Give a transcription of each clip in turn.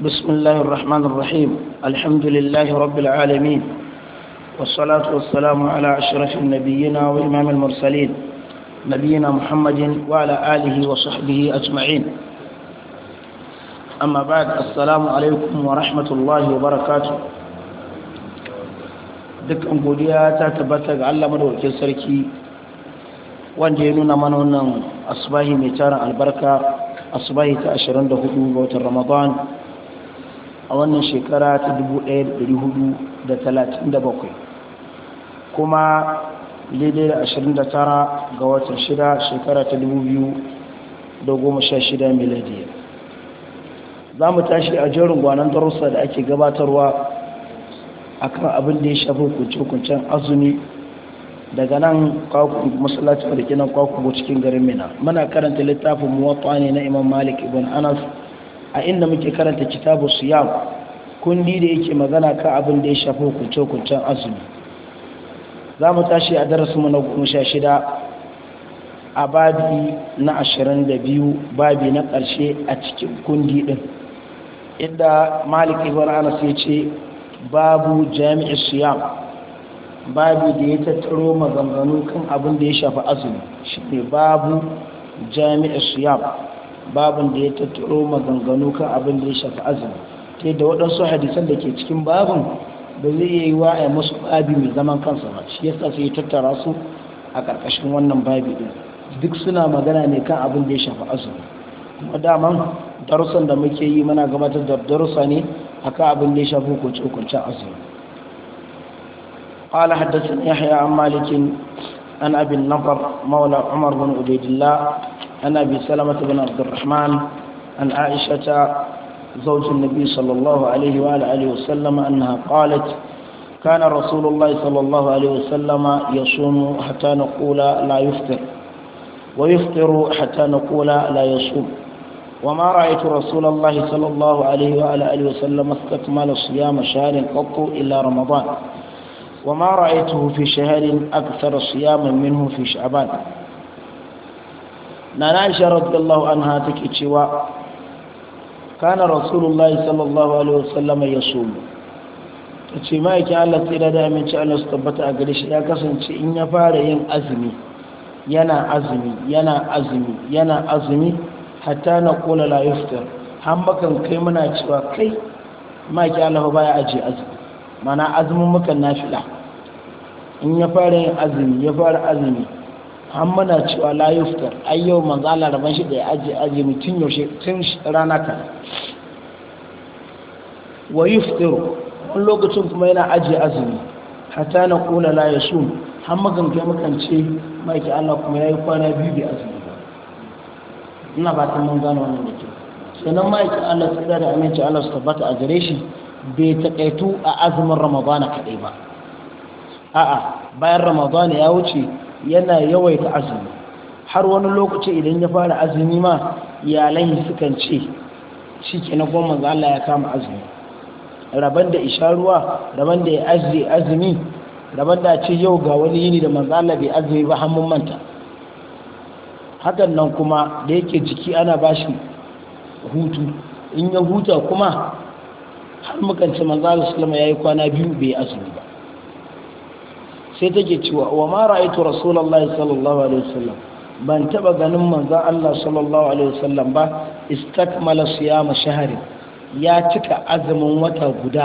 بسم الله الرحمن الرحيم الحمد لله رب العالمين والصلاة والسلام على أشرف النبيين وإمام المرسلين نبينا محمد وعلى آله وصحبه أجمعين أما بعد السلام عليكم ورحمة الله وبركاته دك godiya تتبتك tabbata ga Allah وانجينونا منونا أصباهي ya البركة أصباهي wannan asubahi mai tarin a wannan shekara ta 1437 kuma daidai da 29 ga watan shida shekara ta 2016 miladiya za mu tashi a jerin gwanon darussa da ake gabatarwa a kan abin da ya shafi kunce-kuncen azumi daga nan masallacin da kinan kwakwabo cikin garin mina muna karanta littafin muwatta ne na imam malik ibn anas a inda muke karanta kitabu siyam kundi da yake magana kan abin da ya shafi hukunce-hukuncen azumi za mu tashi a darasinmu na 16 sha a babi na ashirin da biyu babi na ƙarshe a cikin kundi ɗin inda malik ibn anas ya ce babu jami'i siyam babu da ya tattaro maganganu kan abin da ya shafi azumi shi ne babu jami'i siyam babin da ya tattaro maganganu kan abin da ya shafi azumi ta da waɗansu hadisan da ke cikin babin ba zai yi wa a masu babi mai zaman kansa ba shi yasa sai ya tattara su a ƙarƙashin wannan babi ɗin duk suna magana ne kan abin da ya shafi azumi kuma daman darussan da muke yi muna gabatar da darussa ne a kan abin da ya shafi hukunce-hukuncen azumi قال حدثني يحيى عن مالك عن ابي النضر مولى عمر بن عبيد الله عن أبي سلمة بن عبد الرحمن عن عائشة زوج النبي صلى الله عليه وآله وسلم أنها قالت كان رسول الله صلى الله عليه وسلم يصوم حتى نقول لا يفطر ويفطر حتى نقول لا يصوم وما رأيت رسول الله صلى الله عليه وآله وسلم استكمل صيام شهر قط إلا رمضان وما رأيته في شهر أكثر صياما منه في شعبان na aisha radiyallahu anha take cewa kana rasulullahi sallallahu alaihi wasallam ya sumu tace ma'aikin Allah tsira da aminci Allah su tabbata a gare shi ya kasance in ya fara yin azumi yana azumi yana azumi yana azumi hatta na kula la yuftar han bakan kai muna cewa kai ma'aikin Allah ba ya aje azumi mana azumin mukan nafila in ya fara yin azumi ya fara azumi an mana cewa layuf ta ai yau manzo Allah rabon shi da aji aji mutun yaushe tun rana ka wa yuftir wani lokacin kuma yana aji azumi hatta na kula la yasum har maganga mukan ce maki Allah kuma yayi kwana biyu da azumi ina ba ta mun gano wannan dake sanan maki Allah tsira da aminci Allah su tabbata a gare shi bai takaitu a azumin ramadana kadai ba a'a bayan ramadana ya wuce yana yawaita azumi har wani lokaci idan ya fara azumi ma iyalan sukan ce shi ke na goma za Allah ya kama azumi raban da isharuwa ruwa raban da ya azumi raban da ce yau ga wani yini da manzala bai azumi ba hannun manta hakan nan kuma da yake jiki ana bashi hutu in ya huta kuma har mukan ce manzo ya yi yayi kwana biyu bai azumi ba sai take cewa wa ma ra'aytu rasulullahi sallallahu alaihi wasallam ban taba ganin manzon Allah sallallahu alaihi wasallam ba istakmala siyama shahri ya cika azumin wata guda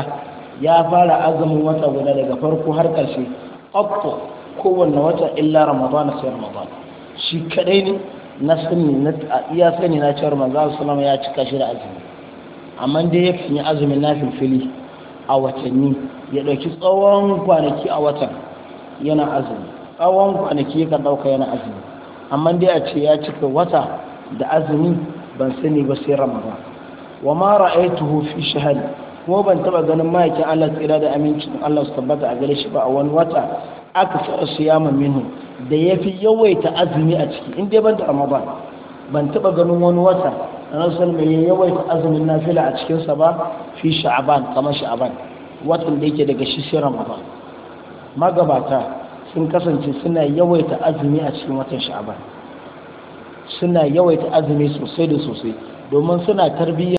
ya fara azumin wata guda daga farko har karshe qattu kowanne wata illa ramadan sai ramadan shi kadai ne na sani na iya sani na cewa manzon Allah ya cika shi da azumi amma dai yakan yi azumin nafil fili a watanni ya dauki tsawon kwanaki a watan yana azumi tsawon kwanaki ka ɗauka yana azumi amma dai a ce ya cika wata da azumi ban sani ba sai ramadan wa ma ra'aytuhu fi shahr ko ban taba ganin mayakin Allah tsira da amincin Allah su tabbata a gare shi ba a wani wata aka fara siyama minhu da yafi yawaita azumi a ciki in dai ban da ramadan ban taba ganin wani wata rasul mai yawaita azumin nafila a cikin sa ba fi sha'ban kamar sha'ban watan da yake daga shi sai ramadan magabata sun kasance suna yawaita azumi a cikin watan sha'aban suna yawaita azumi sosai da sosai domin suna tarbiyya